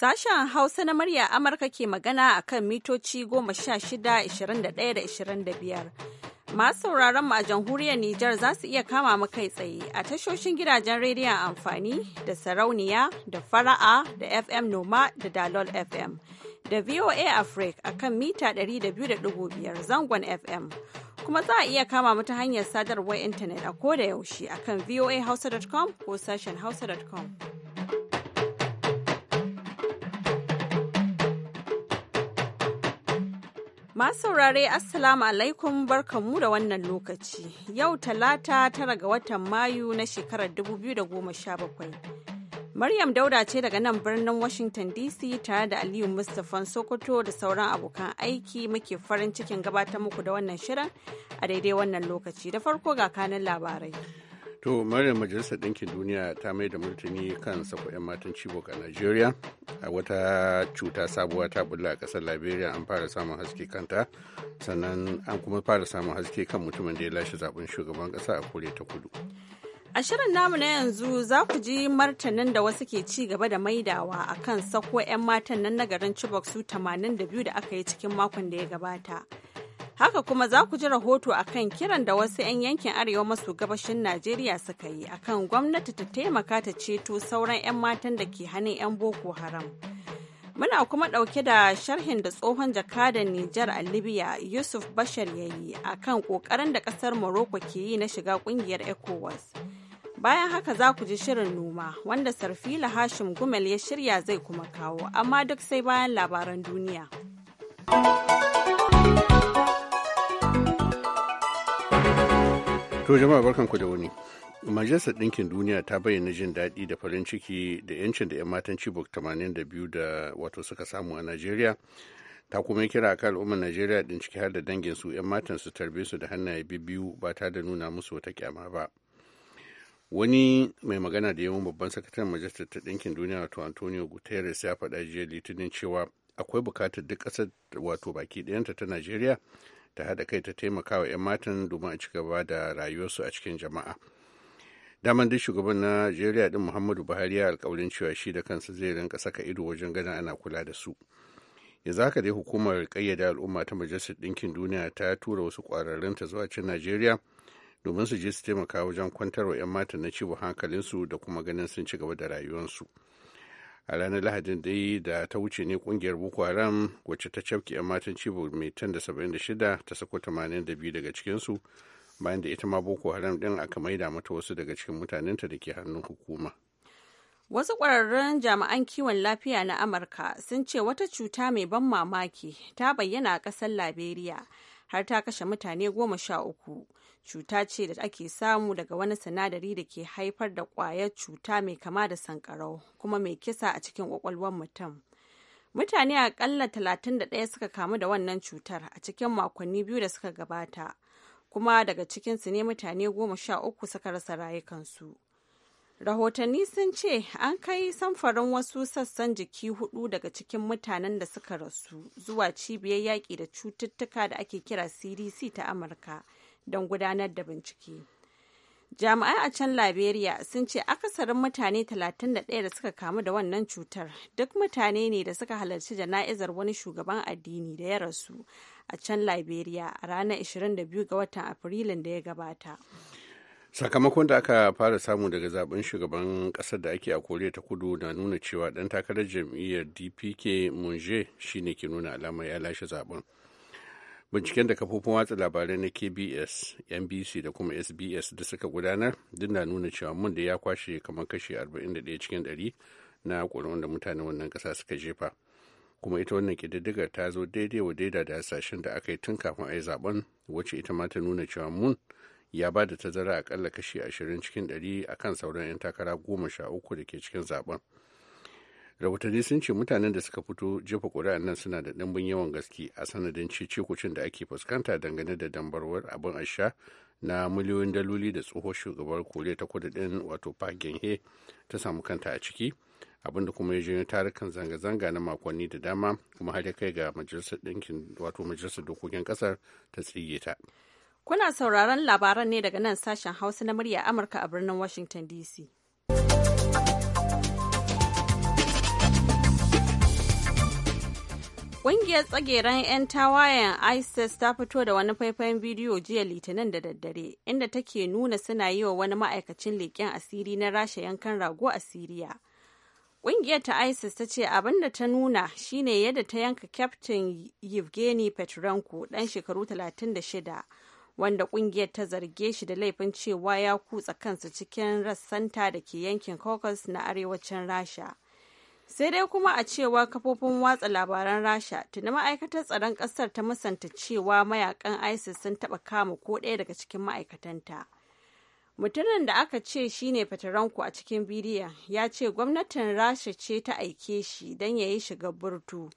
Sashen Hausa na murya Amurka ke magana a kan mitoci 16, 21 da 25. Masu sauraron mu a jamhuriyar Nijar za su iya kama mu kai tsaye a tashoshin gidajen rediyon amfani da sarauniya da fara'a da FM Noma da Dalol FM. Da VOA Africa a kan mita 200.5 zangon FM. Kuma za a iya kama mu ta hanyar sadarwar intanet a da yaushe a kan voahausa.com ko sashen hausa.com. Masu saurare Assalamu alaikum barkanmu da wannan lokaci. Yau talata tara ga watan Mayu na shekarar 2017. Maryam Dauda ce daga nan birnin Washington DC tare da Aliyu Mustapha Sokoto da sauran abokan aiki muke farin cikin gabatar muku da wannan shirin a daidai wannan lokaci. Da farko ga kanin labarai. To Maryam Majalisar Ɗinkin Duniya ta mai da martani kan sako 'yan matan Chibok a Najeriya a wata cuta sabuwa ta bulla a ƙasar Liberia an fara samun haske kanta sannan an kuma fara samun haske kan mutumin da ya lashe zaben shugaban ƙasa a kore ta kudu. A shirin namu na yanzu za ku ji martanin da wasu ke ci gaba da maidawa a kan sako 'yan matan nan na garin Chibok su 82 da aka yi cikin makon da ya gabata. Haka kuma za ku ji rahoto akan kiran da wasu 'yan yankin arewa maso gabashin Najeriya suka yi akan gwamnati ta taimaka ta ceto sauran 'yan matan da ke hannun 'yan Boko Haram. Muna kuma ɗauke da sharhin da tsohon jakadan Nijar a Libya Yusuf Bashar ya yi a kan ƙoƙarin da ƙasar Morocco ke yi na shiga ƙungiyar ECOWAS. Bayan haka za ku ji shirin noma wanda Sarfila Hashim Gumel ya shirya zai kuma kawo, amma duk sai bayan labaran duniya. To jama'a barkanku da wuni. Majalisar Ɗinkin Duniya ta bayyana jin daɗi da farin ciki da 'yancin da 'yan matan Chibok 82 da wato suka samu a Najeriya. Ta kuma yi kira kan al'ummar Najeriya din ciki har da dangin su 'yan matan su tarbe su da hannaye biyu ba ta da nuna musu wata kyama ba. Wani mai magana da yawan babban sakataren Majalisar ta Ɗinkin Duniya wato Antonio Guterres ya faɗa jiya Litinin cewa akwai bukatar duk ƙasar wato baki ɗayanta ta Najeriya ta haɗa kai ta taimaka wa 'yan matan domin a ci gaba da rayuwarsu a cikin jama'a daman duk shugaban najeriya din muhammadu buhari ya alkawarin cewa shi da kansa zai rinka saka ido wajen ganin ana kula da su yanzu haka dai hukumar kayyada al'umma ta majalisar ɗinkin duniya ta tura wasu kwararrun ta zuwa cin najeriya domin su je su taimaka wajen kwantar wa 'yan matan na ciwo hankalinsu da kuma ganin sun ci gaba da rayuwarsu a ranar lahadin dai da ta wuce ne kungiyar boko haram wacce ta cafke 'yan matan cibo mai tan da saba'in da shida ta sako tamanin da biyu daga cikinsu bayan da ita ma boko haram din aka maida mata wasu daga cikin mutanenta da ke hannun hukuma wasu ƙwararrun jami'an kiwon lafiya na amurka sun ce wata cuta mai ban mamaki ta bayyana a ƙasar liberia har ta kashe mutane goma sha uku cuta ce da ake samu daga wani sinadari da ke haifar da ƙwayar cuta mai kama da sankarau kuma mai kisa a cikin ƙwaƙwalwar mutum mutane akalla ɗaya suka kamu da wannan cutar a cikin makonni biyu da suka gabata kuma daga cikinsu ne mutane goma sha uku suka rasa rayukansu rahotanni sun ce an kai samfarin wasu sassan jiki hudu daga cikin mutanen da suka rasu zuwa cibiyar yaƙi da cututtuka da ake kira cdc ta amurka don gudanar da bincike jami'ai a can liberia sun ce akasarin mutane 31 da suka kamu da wannan cutar duk mutane ne da suka halarci jana'izar wani shugaban addini da ya rasu a can liberia a ranar 22 ga watan afrilun da ya gabata sakamakon da aka fara samu daga zaben shugaban kasar da ake a koriya ta kudu na nuna cewa dan takarar jam'iyyar dpk munje shine ke nuna alamar ya lashe zaben binciken da kafofin watsa labarai na kbs nbc da kuma sbs da suka gudanar duk na nuna cewa mun da ya kwashe kamar kashi 41 cikin 100 na ƙuri'un da mutane wannan kasa suka jefa kuma ita wannan kididdiga ta zo daidai wa daida da hasashen da aka yi tun kafin a yi zaben wacce ita ma ta nuna cewa mun ya ba da tazara akalla kashi 20 cikin 100 akan sauran 'yan takara goma sha uku da ke cikin zaben rahotanni sun ce mutanen da suka fito jefa ƙuri'ar nan suna da ɗimbin yawan gaske a sanadin cece da ake fuskanta dangane da dambarwar abin asha na miliyoyin daloli da tsohon shugabar koriya ta kudu ɗin wato ta samu kanta a ciki abin da kuma ya janyo tarukan zanga-zanga na makonni da dama kuma har ya kai ga majalisar ɗinkin wato majalisar dokokin ƙasar ta tsige ta. Kuna sauraron labaran ne daga nan sashen Hausa na murya Amurka a birnin Washington DC. Ƙungiyar tsageren 'yan tawayen ISIS ta fito da wani faifan bidiyo jiya litinin da daddare inda take nuna suna yi wa wani ma'aikacin leƙen asiri na rasha yankan rago a Siriya. Ƙungiyar ta ISIS ta ce abin da ta nuna shine yadda ta yanka Kyaftin Yevgeny Petrenko ɗan shekaru 36 wanda ƙungiyar ta zarge shi da laifin cewa ya kutsa kansa cikin rassanta da ke yankin Caucasus na arewacin Rasha. sai dai kuma a cewa kafofin watsa labaran rasha tuni ma'aikatar tsaron ƙasar ta musanta cewa mayakan isis sun taba kama ko ɗaya daga cikin ma'aikatanta mutumin da aka ce shine fataranku a cikin bidiyon ya ce gwamnatin rasha ce ta aike shi don ya yi shiga burtu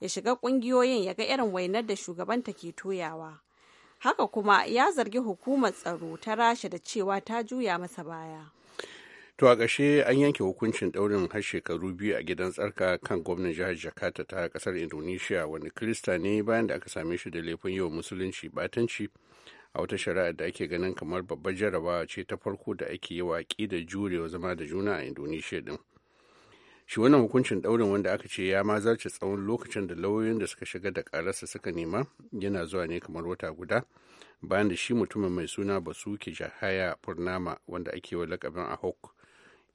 ya shiga ƙungiyoyin ya ga irin wainar da shugabanta ke toyawa haka kuma ya zargi hukumar tsaro ta rasha da cewa ta juya masa baya to a ƙashe an yanke hukuncin ɗaurin har shekaru biyu a gidan tsarka kan gwamnan jihar jakarta ta ƙasar indonesia wanda krista ne bayan da aka same shi da laifin yau musulunci batanci a wata shari'a da ake ganin kamar babbar jarabawa ce ta farko da ake yi wa da jurewa zama da juna a indonesia din shi wannan hukuncin ɗaurin wanda aka ce ya ma zarce tsawon lokacin da lauyoyin da suka shiga da ƙararsa suka nema yana zuwa ne kamar wata guda bayan da shi mutumin mai suna basuki jahaya purnama wanda ake wa lakabin a ahok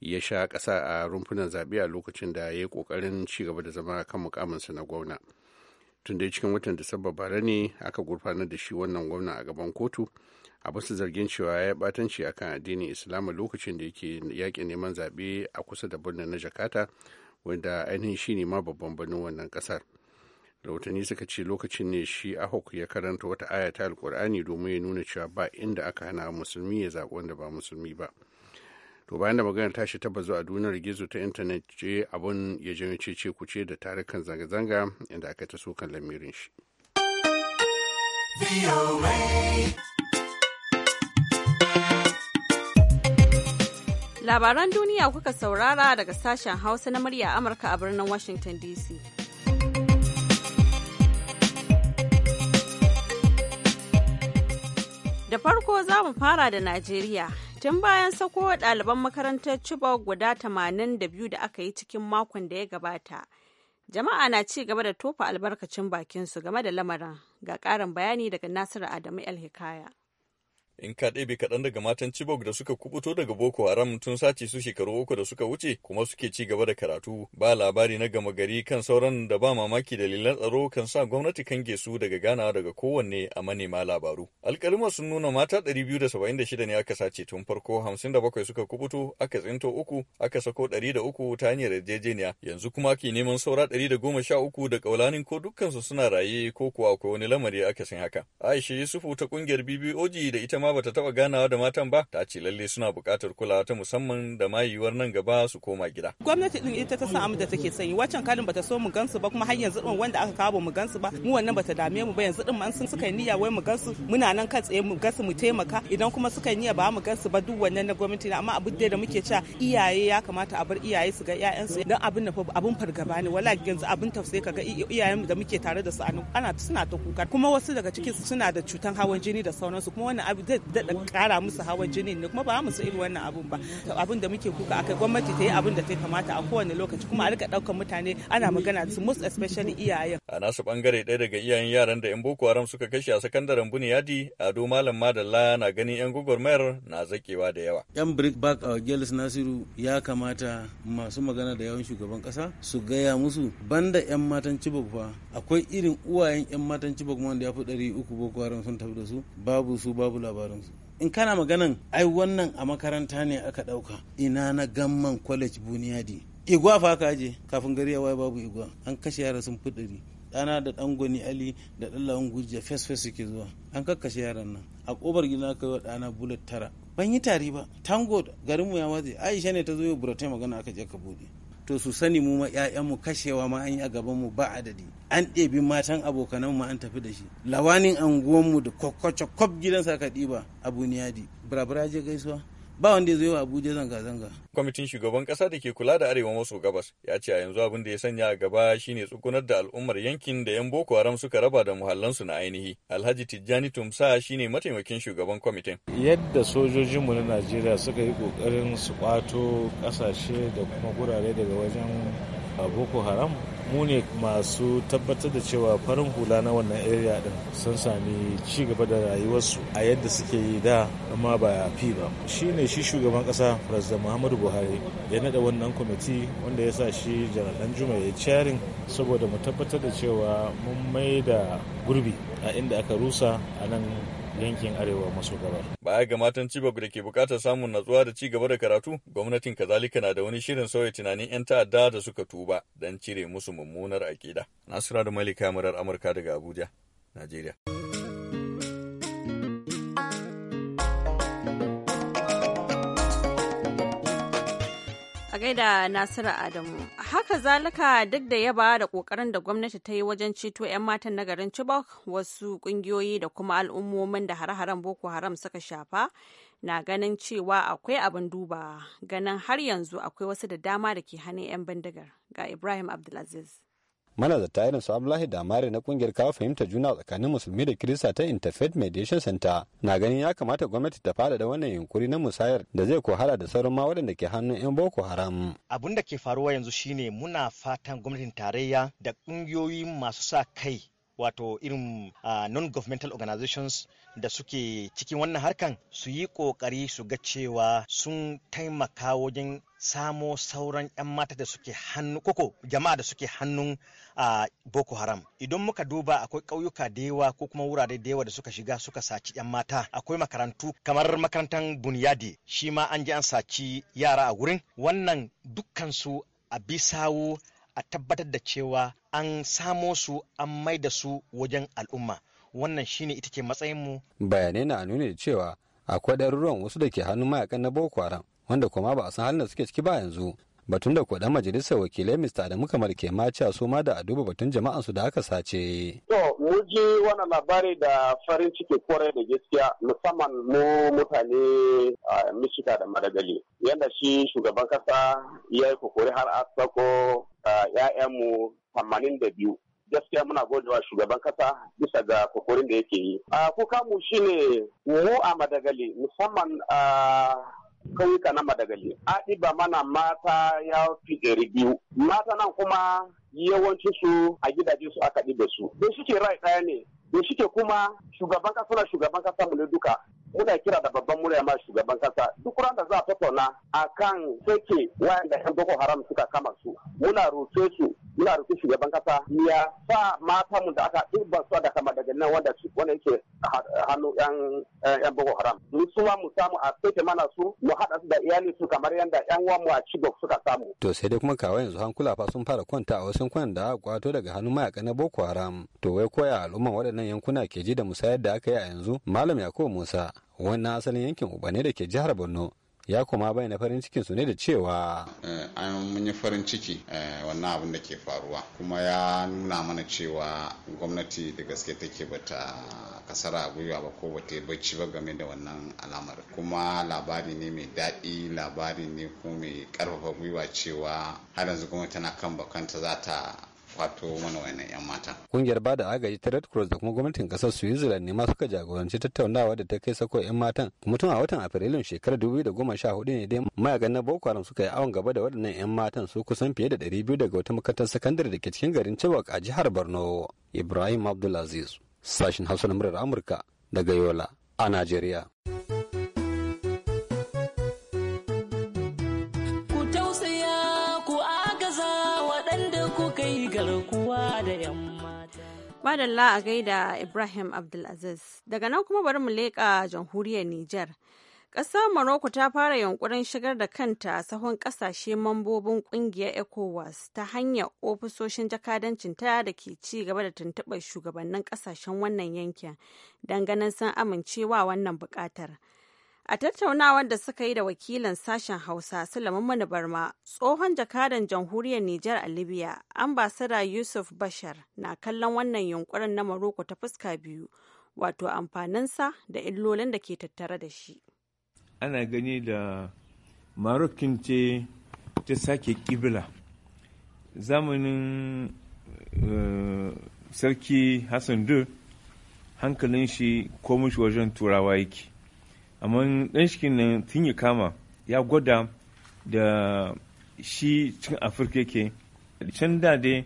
ya sha ƙasa a rumfunan zaɓe a lokacin da ya yi ƙoƙarin ci gaba da zama kan mukaminsa na gwamna tun dai cikin watan disamba bara ne aka gurfanar da shi wannan gwamna a gaban kotu a basu zargin cewa ya batanci akan addinin islamu lokacin da yake yaƙi neman zaɓe a kusa da birnin na jakarta wanda ainihin shi ne ma babban birnin wannan ƙasar rahotanni suka ce lokacin ne shi ahok ya karanta wata aya ta alkur'ani domin ya nuna cewa ba inda aka hana musulmi ya zaɓi wanda ba musulmi ba to bayan da magana tashi ta bazu a duniyar gizo ta intanet ce abun ya janyo cece kuce da tarukan zanga-zanga inda aka ta sokan lamirin shi labaran duniya kuka saurara daga sashen hausa na murya amurka a birnin washington dc da farko za mu fara da najeriya Tun bayan sako ɗaliban makarantar Chibok guda 82 da aka yi cikin makon da ya gabata. Jama'a na ci gaba da tofa albarkacin bakinsu game da lamarin ga ƙarin bayani daga Nasiru Adamu El Hikaya. in ka ɗebe kaɗan daga matan Chibok da suka kubuto daga Boko Haram tun sace su shekaru uku da suka wuce kuma suke ci gaba da karatu ba labari na gama gari kan sauran da ba mamaki dalilan tsaro kan sa gwamnati kange su daga ganawa daga kowanne a manema labaru. Alƙalima sun nuna mata 276 ne aka sace tun farko 57 suka kubuto aka tsinto uku aka sako 103 ta hanyar yarjejeniya yanzu kuma ake neman saura 113 da kaulanin ko dukkansu suna raye ko kuwa akwai wani lamari aka san haka. Aisha Yusufu ta ƙungiyar BBOG da ita ma ma bata taɓa ganawa da matan ba ta ce lalle suna buƙatar kulawa ta musamman da ma yiwuwar nan gaba su koma gida. Gwamnati din ita ta san abin da take sanyi wancan kalin bata so mu gansu ba kuma har yanzu din wanda aka kawo mu gansu ba mu wannan bata dame mu ba yanzu din man sun suka yi niyya wai mu gansu muna nan kan tsaye mu gansu mu taimaka idan kuma suka yi niyya ba mu gansu ba duk wannan na gwamnati na amma abin da muke cewa iyaye ya kamata a bar iyaye su ga ƴaƴansu dan abin da abin fargaba ne wala yanzu abin tausayi kaga iyayen da muke tare da su ana suna ta kuka kuma wasu daga cikin suna da cutan hawan jini da sauransu kuma wannan abin daɗa ƙara musu hawa jini ne kuma ba mu su iri wannan abun ba abun da muke kuka akai gwamnati ta yi abun da ta kamata a kowane lokaci kuma a rika ɗaukar mutane ana magana da su most especially iyayen. A nasu bangare ɗaya daga iyayen yaran da 'yan Boko Haram suka kashe a sakandaren Buniyadi Ado Malam Madalla na ganin 'yan gwagwarmayar na zakewa da yawa. 'Yan back a girls Nasiru ya kamata masu magana da yawan shugaban kasa su gaya musu banda 'yan matan Chibok fa akwai irin uwayen 'yan matan Chibok wanda ya fi ɗari uku Boko Haram sun tafi da su babu su babu labarai. labarinsu in kana maganan ai wannan a makaranta ne aka ɗauka ina na gamman college buniyadi igwa fa ka je kafin gari ya wai babu igwa an kashe yara sun fi ɗari da dan goni ali da dan lawan gujiya fes fes suke zuwa an kakkashe yaran nan a kobar gina ka yi wa ɗana bullet tara ban yi tari ba tango garinmu ya watse aisha ne ta zo yau buratai magana aka je ka buɗe to su sani mu ma mu kashewa ma an yi a gaban mu ba adadi an ɗebi matan abokanan mu an tafi da shi lawanin anguwanmu da kwakwace kwab gidansa ka ɗiba abu niyadi burabura je gaisuwa ba wanda ya zo abuja zanga-zanga kwamitin shugaban kasa da ke kula da arewa maso gabas ya ce a yanzu abin da ya sanya a gaba shine tsukunar da al'ummar yankin da yan boko haram suka raba da muhallansu na ainihi alhaji tijjani tumsa shine mataimakin shugaban kwamitin yadda sojojinmu na najeriya suka yi kokarin su kwato kasashe da kuma gurare daga wajen uh, boko haram mu masu tabbatar da cewa farin hula na wannan area din sun sami ci gaba da rayuwarsu a yadda suke yi da amma ba fi ba shi ne shi shugaban kasa president muhammadu buhari ya nada wannan kwamiti wanda ya sa shi janar danjuma ya charin saboda mu tabbatar da cewa mun mai da gurbi a inda aka rusa a nan yankin arewa maso gabar. Baya ga matan Chibok da ke bukatar samun natsuwa da ci gaba da karatu, gwamnatin kazalika na da wani shirin sauya tunanin 'yan ta'adda da suka tuba don cire musu mummunar aƙida. Nasira da Malika Murar Amurka daga Abuja, Najeriya. gaida Nasiru Adamu. Haka zalika duk da yaba da kokarin da gwamnati ta yi wajen ceto 'yan matan na garin Chibok wasu kungiyoyi da kuma al'ummomin da har haren Boko Haram suka shafa na ganin cewa akwai abin duba ganin har yanzu akwai wasu da dama da ke hannun 'yan bindigar ga Ibrahim Abdulaziz. manazarta irin su Abdullahi Damare na kungiyar kawo fahimtar juna tsakanin musulmi da kirista ta Interfaith Mediation Center na ganin ya kamata gwamnati ta faɗaɗa wannan yunkuri na musayar da zai kohara da sauran ma waɗanda ke hannun 'yan Boko Haram. Abin da ke faruwa yanzu shine muna fatan gwamnatin tarayya da ƙungiyoyi masu sa kai wato irin non-governmental organizations da suke cikin wannan harkan su yi kokari su ga cewa sun taimaka wajen samo sauran 'yan mata da suke hannu koko jama'a da suke hannun a boko haram idan muka duba akwai ƙauyuka da yawa ko kuma wurare da yawa da suka shiga suka saci 'yan mata akwai makarantu kamar makarantar bunyadi shi ma an ji an saci yara a wurin wannan dukkansu a bisawo a tabbatar da cewa an samo su an mai da su wajen al'umma wannan shine ita ce matsayinmu bayanai na nuna da cewa akwai ɗaruruwan wasu da ke hannun mayakan na boko haram wanda kuma ba a san halin da suke ciki ba yanzu batun da kuɗa majalisar wakilai Mr Adamu kamar ke ma cewa su ma da a duba batun jama'an su da aka sace. To mu ji wannan labari da farin ciki kwarai da gaskiya musamman mu mutane a Michigan da Madagali yadda shi shugaban kasa ya yi kokori har a sako Eh, 'ya'yanmu tamanin da biyu gaskiya muna godewa shugaban kasa bisa ga kokorin da yake yi. Ah, kuka mu shine mu a Madagali musamman a ah, kauyuka na Madagali. A mana mata ya fi ɗari biyu. Mata nan kuma yawanci su a gidaje su aka ɗiba su. Da ke rai ɗaya ne. Da ke kuma shugaban kasa na shugaban kasa mu ne duka. muna kira da babban murya ma shugaban kasa duk ran da za a tattauna akan sake wayanda yan boko haram suka kama su muna roke su muna rufe shugaban kasa ya sa mata da aka ɗiban su da kama daga nan wanda wanda yake hannu yan boko haram mu su mu samu a saita mana su mu haɗa su da iyali su kamar yadda yan uwan mu a cigo suka samu to sai dai kuma kawo yanzu hankula fa sun fara kwanta a wasu kwan da aka kwato daga hannun mayaka na boko haram to wai koya al'umman waɗannan yankuna ke ji da musayar da aka yi a yanzu malam yakubu musa wannan asalin yankin uba ne da ke jihar borno ya kuma bayyana farin cikin su ne da cewa eh, an mun yi farin ciki eh, wannan abin da ke faruwa kuma ya nuna mana cewa gwamnati da gaske take bata kasara a gwiwa ba ko bata yi bacci ba game da wannan alamar kuma labari ne mai daɗi labari ne kuma mai karfafa gwiwa cewa har yanzu gwamnati tana kan bakanta za ta fato mana wani 'yan mata. Kungiyar bada agaji ta Red Cross da kuma gwamnatin kasar Switzerland ne ma suka jagoranci tattaunawa da ta kai sako 'yan matan. mutum a watan Afrilun shekarar hudu ne dai mayagan na Boko Haram suka yi awon gaba da waɗannan 'yan matan su kusan fiye da biyu daga wata makarantar sakandare da ke cikin garin Chibok a jihar Borno. Ibrahim Abdulaziz, sashin Hausa na murar Amurka daga Yola a Najeriya. Madalla a gaida Ibrahim Abdulaziz. Daga nan kuma bari mu leƙa jamhuriyar Nijar. Ƙasar Morocco ta fara yunkurin shigar da kanta a sahun ƙasashe mambobin ƙungiyar ECOWAS ta hanyar ofisoshin jakadancinta da ke ci gaba da tuntuɓar shugabannin ƙasashen wannan yankin don ganin sun amincewa wannan buƙatar. A tattaunawar da suka yi da wakilan sashen Hausa Sulaiman Mani Barma, tsohon jakadan jamhuriyar Nijar a Libya, ambasada Yusuf Bashar na kallon wannan yunkurin na Maroko ta fuska biyu, wato amfaninsa da illolin da ke tattare da shi. Ana gani da Marokin ce ta sake kibila. Zamanin eh, Sarki Hassan du hankalin shi ko wajen turawa yake. amma dan shikin nan tun ya kama ya gwada da shi cikin afirka yake can da dai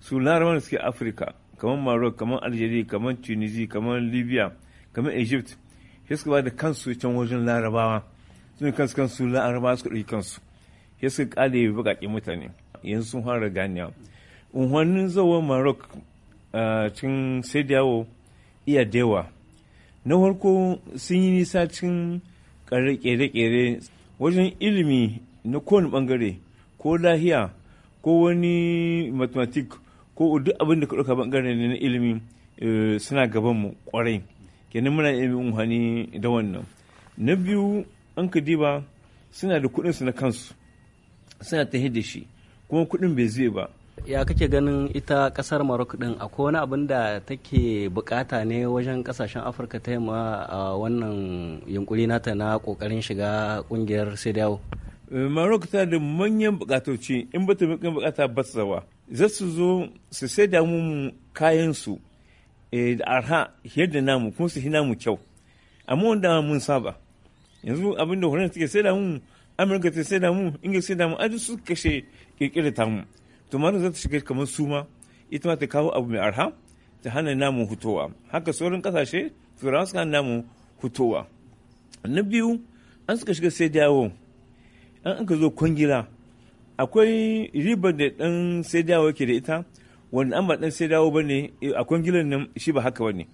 su larabawa da suke afirka kamar maroc kamar algeria kamar tunisia kamar libya kamar egypt shi suka ba da kansu can wajen larabawa sun kansu kansu larabawa suka ɗauki kansu shi suka ƙale baƙaƙe mutane yanzu sun fara ganiya unhannin zawon maroc ah, cikin sai dawo iya dawa. na farko sun yi nisa cikin kere-kere wajen ilimi na kowane bangare ko lahiya ko wani matematik ko duk abin da ka ɗauka bangare na ilimi eh, suna gaban mu kwarai kenan muna ilimin wani da wannan na biyu an ka diba suna da kuɗinsu na kansu suna ta da shi kuma kuɗin bai zai ba ya kake ganin ita kasar Morocco din akwai wani abin da take bukata ne wajen kasashen Afirka ta yamma a wannan yunkuri nata na kokarin shiga kungiyar Sediyawo? Eh, Morocco tana da manyan bukatoci in ba ta bukata ba zawa. Za su zo su sai da mu kayan su eh, da arha yadda namu kuma su hina mu kyau. Amma wanda mun saba. Yanzu abin da horon suke sai da mu Amurka ta sai da mu Ingila sai da mu a su kashe kirkira ta mu. to malam za ta shiga kamar suma ita ma ta kawo abu mai arha ta hana namun hutowa haka sauran kasashe turawa suka hana namun hutowa na biyu an suka shiga sai dawo an ka zo kwangila akwai ribar da dan sai dawo ke da ita wanda an ba dan sai dawo ne a kwangilan nan shi ba haka bane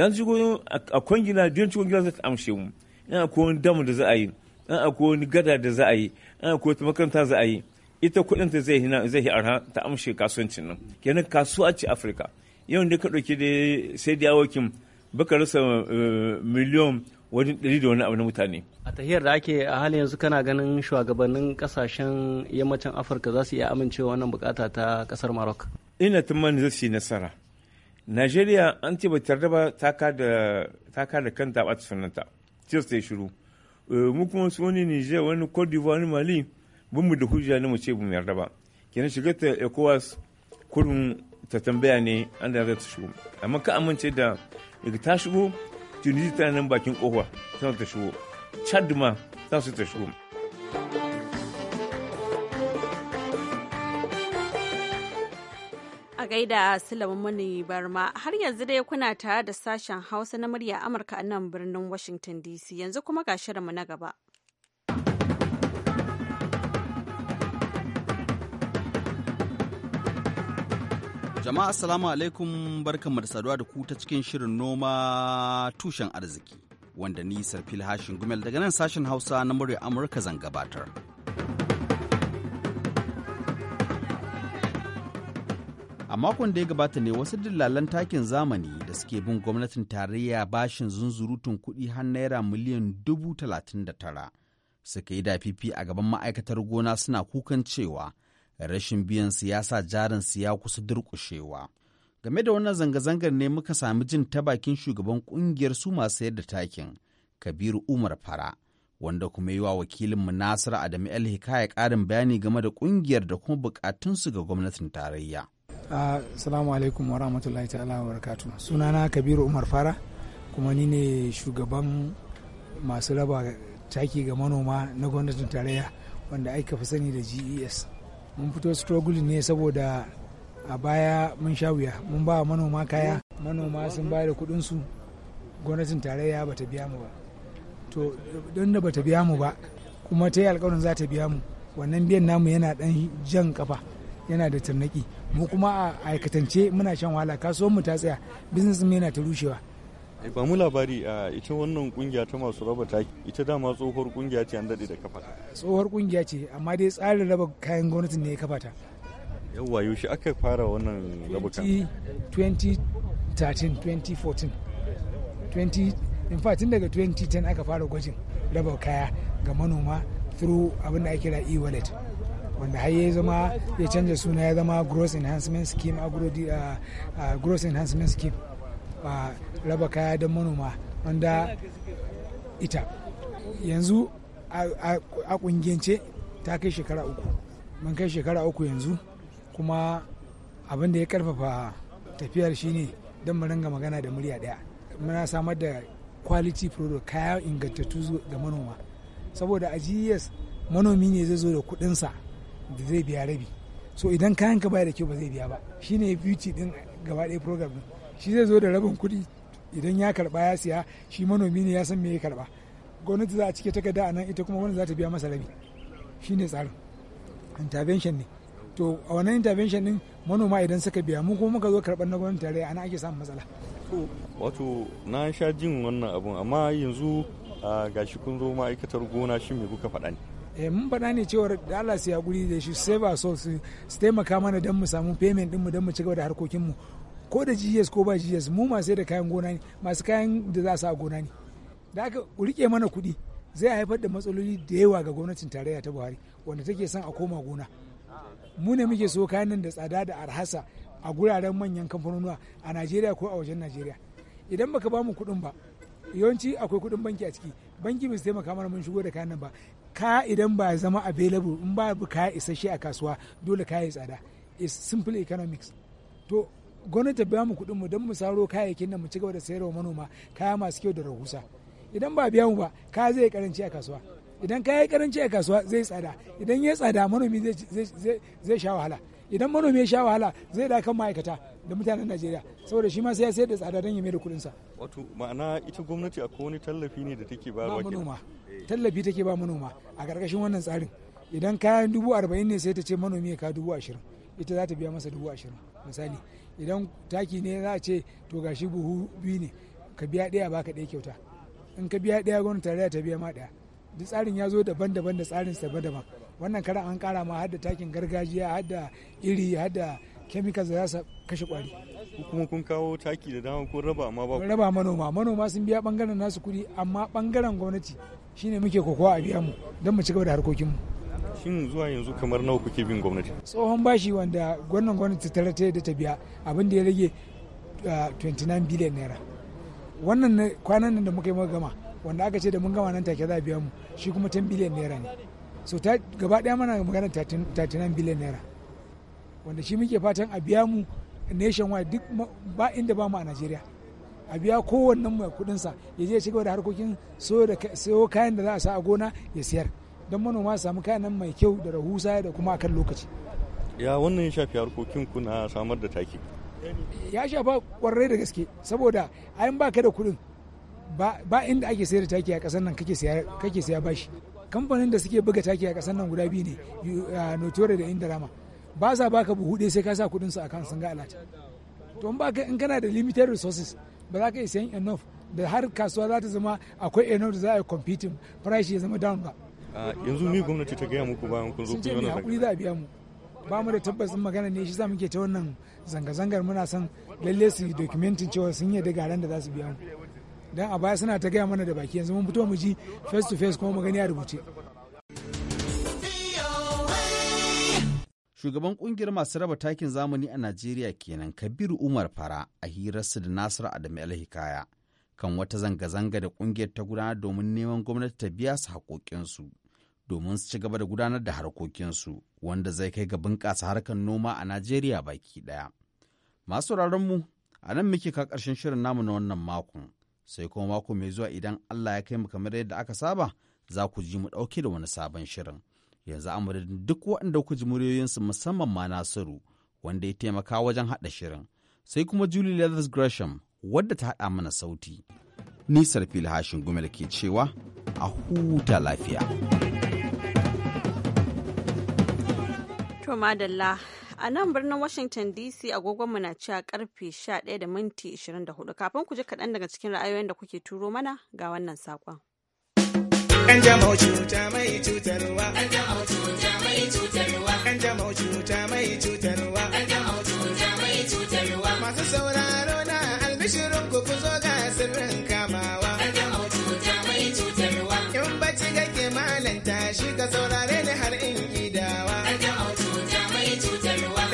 an shigo a kwangila duk kwangila za ta amshe mu in akwai wani damu da za a yi in akwai wani gada da za a yi in akwai wata makaranta za a yi ita kudin ta zai zai yi arha ta amshe kasuwancin nan kenan kasuwa ce afirka yau ne ka ɗauki da sai da baka rasa eh, miliyon wani ɗari da wani abu na mutane a tahiyar da ake a halin yanzu kana ganin shugabannin kasashen yammacin afirka za su iya amincewa wannan bukata ta kasar maroc ina tumanin zai nasara Najeriya an ce bata yarda ba ta da kanta ba ta sunanta. Cewa ta shiru. Eh, mu kuma wani Niger, wani Cote d'Ivoire, wani Mali, bin mu da hujja ne mu ce mu yarda ba kenan shiga ta ecowas kurin ta tambaya ne an da ta shigo amma ka amince da daga ta shigo tunisia tana nan bakin kofa tana ta shigo chad ma ta su ta shigo a gaida silamin mani barma har yanzu dai kuna tare da sashen hausa na murya amurka a nan birnin washington dc yanzu kuma ga shirinmu na gaba Jama'a assalamu alaikum barkanmu da saduwa da ku ta cikin shirin noma tushen arziki wanda ni Sarfil Hashin Gumel daga nan sashen Hausa na murya Amurka zan gabatar. A makon da ya gabata ne wasu dillalan takin zamani da suke bin gwamnatin tarayya bashin zunzurutun kuɗi har naira miliyan dubu talatin da tara suka yi dafifi a gaban ma'aikatar gona suna kukan cewa rashin biyan siyasa jarin ya kusa durƙushewa. Game da wannan zanga-zangar ne muka sami jin ta bakin shugaban ƙungiyar su masu sayar da takin, Kabiru Umar Fara, wanda kuma yi wa wakilinmu Nasiru Adamu alhikaya Hikaya ƙarin bayani game da ƙungiyar da kuma buƙatunsu ga gwamnatin tarayya. Assalamu alaikum wa rahmatullahi ta'ala wa barakatu. Sunana Kabiru Umar Fara, kuma ni ne shugaban masu raba taki ga manoma na gwamnatin tarayya wanda aka fi sani da GES. mun fito struggling ne saboda a baya mun sha wuya mun ba manoma kaya manoma sun ba da su gwamnatin tarayya ba ta biya mu ba to don da ba biya mu ba kuma ta yi alkawarin za ta biya mu wannan biyan namu yana dan jan kafa yana da tarnaki mu kuma a aikatance muna shan wahala kasuwar mu ta tsaya business mu yana ta rushewa Eh, ba mu labari a ita wannan kungiya ta masu raba taki ita dama tsohuwar kungiya ce an daɗe da kafa tsohuwar kungiya ce amma dai tsarin raba kayan gwamnatin ne ya kafa ta yawwa yaushe aka fara wannan raba kayan 2013 2014 20 in fact tun daga 2010 aka fara gwajin raba kaya ga manoma through abin da ake kira e-wallet wanda har ya zama ya canza suna ya zama gross enhancement scheme agro uh, uh, gross enhancement scheme uh, raba kaya don manoma wanda ita yanzu a kungiyance ta kai shekara uku mun kai shekara uku yanzu kuma abinda ya karfafa tafiyar shine don mu ringa magana da murya daya muna samar da quality product kaya ingantattu ga manoma saboda a gs manomi ne zai zo da kudinsa da zai biya rabi so idan kayan ka baya da kyau ba zai biya ba shine beauty din gaba ɗaya program shi zai zo da rabin kuɗi idan ya karba ya siya shi manomi ne ya san me ya karba gwamnati za a cike takarda a nan ita kuma wani za ta biya masa rabi shi ne tsarin intervention ne to a wannan intervention din manoma idan suka biya mu kuma muka zo karɓar na gwamnati tare ana ake samun matsala wato na sha jin wannan abun amma yanzu gashi kun zo ma'aikatar gona shi me kuka faɗa ne eh, mun faɗa ne cewar da Allah su guri da shi save our souls su taimaka mana don mu samu payment mu don mu ci gaba da mu. ko da GS ko ba GS mu masu da kayan gona ne masu kayan da za su a gona ne da aka rike mana kuɗi zai haifar da matsaloli da yawa ga gwamnatin tarayya ta Buhari wanda take son a koma gona mu ne muke so kayan nan da tsada da arhasa a guraren manyan kamfanonuwa a Najeriya ko a wajen Najeriya idan baka bamu kuɗin ba yawanci akwai kuɗin banki a ciki banki bai taimaka mana mun shigo da kayan nan ba ka idan ba zama available in ba kaya isasshe a kasuwa dole kaya yi tsada is simple economics to gwamnati biya mu kuɗin mu don mu saro kayayyakin nan mu ci gaba da sayarwa manoma kaya masu kyau da rahusa idan ba biya mu ba kaya zai karanci a kasuwa idan yi karanci a kasuwa zai tsada idan ya tsada manomi zai sha wahala idan manomi ya sha wahala zai da kan ma'aikata da mutanen najeriya saboda shi ma sai ya sayar da tsada don ya mai da kuɗinsa. wato ma'ana ita gwamnati akwai wani tallafi ne da take ba wa manoma eh. tallafi take ba manoma a ƙarƙashin wannan tsarin idan kayan dubu arba'in ne sai ta ce manomi ya ka dubu ashirin ita za ta biya masa dubu ashirin misali idan taki ne za a ce to gashi buhu biyu ne ka biya ɗaya baka ɗaya kyauta in ka biya ɗaya gwamnati tarayya ta biya ma ɗaya duk tsarin ya zo daban-daban da tsarin sa daban wannan karan an kara ma hadda takin gargajiya hadda iri hadda kemikal da za su kashe kwari kuma kun kawo taki da dama ko raba amma ba raba manoma manoma sun biya bangaren nasu kuɗi amma bangaren gwamnati shine muke kokowa a biya mu don mu ci gaba da harkokin mu shin zuwa yanzu kamar nawa kuke bin gwamnati tsohon bashi wanda gwamnan gwamnati ta rata da ta biya abin da ya rage 29 ah, biliyan naira wannan kwanan nan da muka yi gama wanda aka ce da mun gama nan take za a biya mu shi kuma 10 biliyan naira ne so ta gaba daya mana magana 39 biliyan naira wanda shi muke fatan a biya mu wide duk ba inda ba mu a Najeriya a biya kowannen mai kudinsa ya je ya ci gaba da harkokin sayo kayan da za a sa a gona ya siyar don manoma su samu kayan mai kyau da rahusa da kuma akan lokaci ya wannan ya shafi harkokin ku na samar da taki ya shafa kwarai da gaske saboda ayin baka da kuɗin ba inda ake sayar da taki a ƙasar nan kake saya bashi kamfanin da suke buga taki a kasar nan guda biyu ne notore da indarama ba sa baka buhu sai ka sa kuɗin su kan sun ga alata to in baka in kana da limited resources ba za ka iya sayan enough da har kasuwa za ta zama akwai enough da za a yi competing price ya zama down ba yanzu ni gwamnati ta gaya muku bayan kun zo kun yi hakuri za a biya mu ba mu da in magana ne shi za mu ke ta wannan zanga-zangar muna son lalle su yi dokumentin cewa sun yi da garan da za su biya mu dan a baya suna ta gaya mana da baki yanzu mun fito mu ji face to face kuma mu gani a rubuce shugaban kungiyar masu raba takin zamani a Najeriya kenan Kabiru Umar Fara a hirarsa da Nasiru Adamu Alhikaya. kan wata zanga-zanga da kungiyar ta gudanar domin neman gwamnati ta biya su haƙoƙinsu domin su ci gaba da gudanar da harkokinsu wanda zai kai ga bunƙasa harkar noma a Najeriya baki ɗaya. Masu mu a nan muke ka karshen shirin namu na wannan makon sai kuma mako mai zuwa idan Allah ya kai mu kamar yadda aka saba za ku ji mu ɗauke da wani sabon shirin. Yanzu a duk waɗanda ku ji muryoyinsu musamman ma Nasiru wanda ya taimaka wajen haɗa shirin. Sai kuma Julie Leathers Gresham wadda ta haɗa mana sauti. Nisar filhashin gumel ke cewa a huta lafiya. To madalla a nan birnin Washington DC agogonmu na ci a karfe 11 da minti 24 kafin ku ji kaɗan daga cikin ra'ayoyin da kuke turo mana ga wannan saƙon. Ƙanjamau cuta mai cutarwa. kan Ƙanjamau cuta mai cutarwa. Ƙanjamau cuta mai cutarwa. Ƙanjamau cuta mai cutarwa. Masu saura albishirin ku ku zo ga sirrin kamawa in bacci kake malanta shi ka saurare ni har in gidawa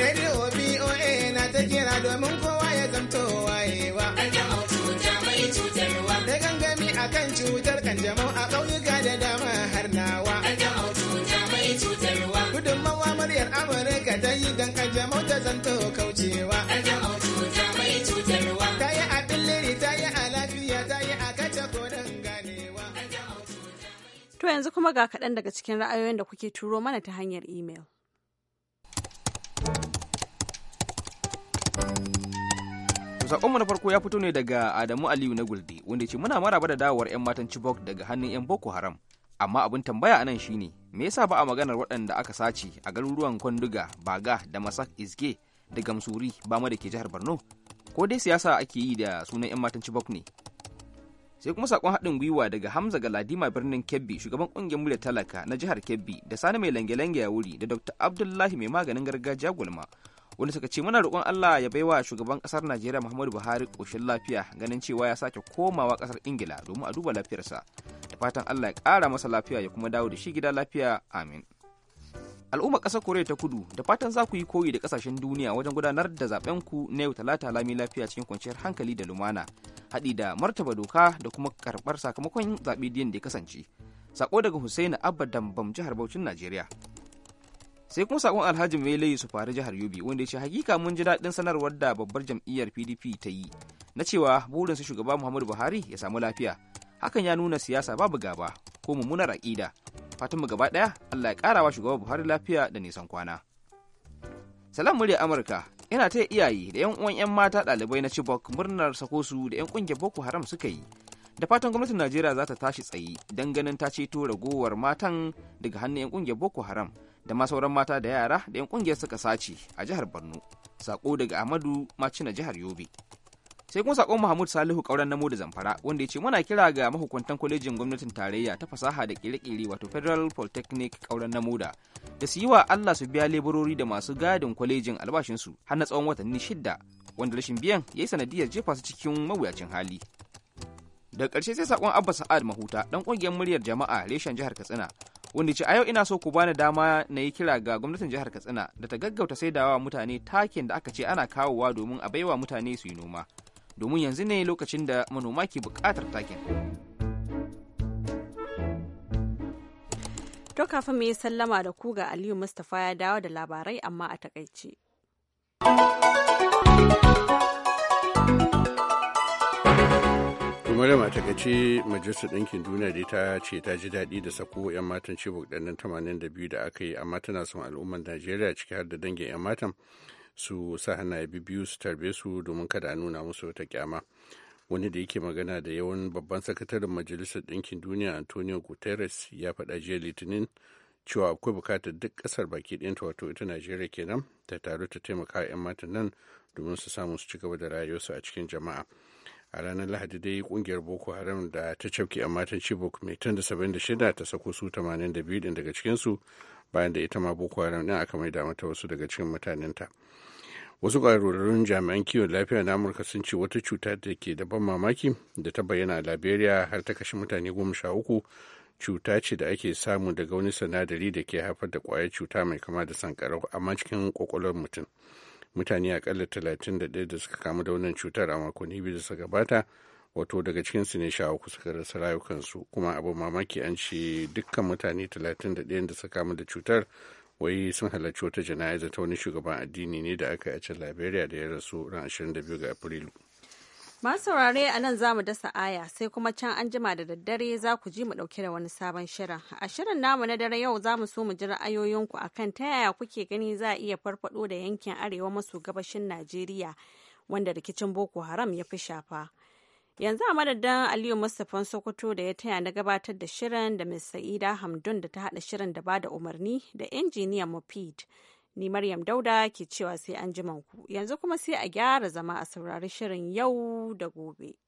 radio boa na ta kira domin kowa ya zamto wayewa da gangami akan cutar kanjamau a ƙauyuka da dama har nawa gudunmawa muryar amurka ta yi don kanjamau ta zanto kawai To yanzu kuma ga kaɗan daga cikin ra'ayoyin da kuke turo mana ta hanyar imel. Sakonmu na farko ya fito ne daga Adamu Aliyu na Gulde wanda ce muna maraba da dawowar 'yan matan Chibok daga hannun 'yan Boko Haram. Amma abin tambaya anan ne me yasa ba a maganar waɗanda aka sace a garuruwan Kwanduga, Baga da Masak Izge da Gamsuri ba ma da ke jihar Borno? Ko dai siyasa ake yi da sunan 'yan matan Chibok ne? sai kuma sakon haɗin gwiwa daga hamza galadima birnin kebbi shugaban ƙungiyar murya talaka na jihar kebbi da sani mai lange-lange ya wuri da dr abdullahi mai maganin gargajiya gulma wanda suka ce muna roƙon allah ya baiwa shugaban ƙasar najeriya muhammadu buhari ƙoshin lafiya ganin cewa ya sake komawa ƙasar ingila domin a duba lafiyarsa da fatan allah ya ƙara masa lafiya ya kuma dawo da shi gida lafiya amin al'ummar ƙasar koriya ta kudu da fatan za ku yi koyi da ƙasashen duniya wajen gudanar da zaben ku na yau talata lami lafiya cikin kwanciyar hankali da lumana haɗi da martaba doka da kuma karɓar sakamakon zaɓe diyan da ya kasance sako daga husaini abba dambam jihar bauchin najeriya sai kuma sakon alhaji mai layi su fari jihar yobe wanda ya ce hakika mun ji daɗin sanarwar da babbar jam'iyyar pdp ta yi na cewa burinsa shugaba muhammadu buhari ya samu lafiya hakan ya nuna siyasa babu gaba ko mummunar aƙida fatan mu gaba ɗaya Allah ya ƙara wa shugaba Buhari lafiya da nisan kwana. Salam murya Amurka ina ta iyaye da 'yan uwan 'yan mata ɗalibai na Chibok murnar sakosu da 'yan ƙungiyar Boko Haram suka yi. Da fatan gwamnatin Najeriya za ta tashi tsaye don ganin ta ceto ragowar matan daga hannun 'yan ƙungiyar Boko Haram da ma sauran mata da yara da 'yan ƙungiyar suka sace a jihar Borno. Sako daga Ahmadu Macina jihar Yobe. sai kuma sakon Muhammad Salihu kauran namo da Zamfara wanda ya ce muna kira ga mahukuntan kwalejin gwamnatin tarayya ta fasaha da kire-kire wato Federal Polytechnic kauran namo da da su yi wa Allah su biya leburori da masu gadin kwalejin su har na tsawon watanni shida wanda rashin biyan ya yi sanadiyar jefa su cikin mawuyacin hali. Da ƙarshe sai sakon Abba Sa'ad Mahuta dan ƙungiyar muryar jama'a reshen jihar Katsina wanda ce a yau ina so ku bani dama na yi kira ga gwamnatin jihar Katsina da ta gaggauta saidawa mutane takin da aka ce ana kawowa domin a baiwa mutane su yi noma. domin yanzu ne lokacin da manoma ke bukatar takin. To kafin yi sallama da ku ga Aliyu Mustapha ya dawo da labarai amma a takaice. Maryam a takaice Majalisar Ɗinkin Duniya da ta ce ta ji daɗi da sako 'yan matan Chibok ɗannan 82 da aka yi amma tana son al'ummar Najeriya ciki har da dangin 'yan matan su sa hannaye biyu su tarbe su domin kada a nuna musu wata kyama wani da yake magana da yawan babban sakataren majalisar ɗinkin duniya antonio guterres ya faɗa jiya litinin cewa akwai bukatar duk ƙasar baki ɗinta wato ita najeriya kenan ta taru ta taimaka 'yan matan nan domin su samu su ci gaba da rayuwarsu a cikin jama'a a ranar lahadi dai kungiyar boko haram da ta cafke a matan chibok mai da 76 ta sako su 82 ɗin daga cikinsu bayan da ita ma boko haram ɗin aka maida mata wasu daga cikin mutanenta wasu ƙwararrun jami'an kiwon lafiya na amurka sun ce wata cuta da ke da ban mamaki da ta bayyana a liberia har ta kashe mutane goma sha uku cuta ce da ake samu daga wani sinadari da ke haifar da ƙwayar cuta mai kama da sankarau amma cikin ƙwaƙwalwar mutum mutane akalla talatin da ɗaya da suka kamu da wannan cutar a makonni biyu da suka gabata wato daga cikin su ne sha uku suka rasa rayukansu kuma abin mamaki an ce dukkan mutane talatin da ɗaya da suka kamu da cutar wai sun halarci wata jana'iza ta wani shugaban addini ne da aka yi a liberia da ya rasu ran 22 ga afrilu masu saurare a nan za mu dasa aya sai kuma can an jima da daddare za ku ji mu ɗauke da wani sabon shirin a shirin namu na dare yau za mu so mu ji ra'ayoyinku akan ta yaya kuke gani za a iya farfado da yankin arewa maso gabashin najeriya wanda rikicin boko haram ya fi shafa yanzu a madadin aliyu mustapha sokoto da ya taya na gabatar da shirin da mai sa'ida hamdun da ta hada shirin da bada umarni da injiniya mufid ni maryam dauda ke cewa sai an ku yanzu kuma sai a gyara zama a saurari shirin yau da gobe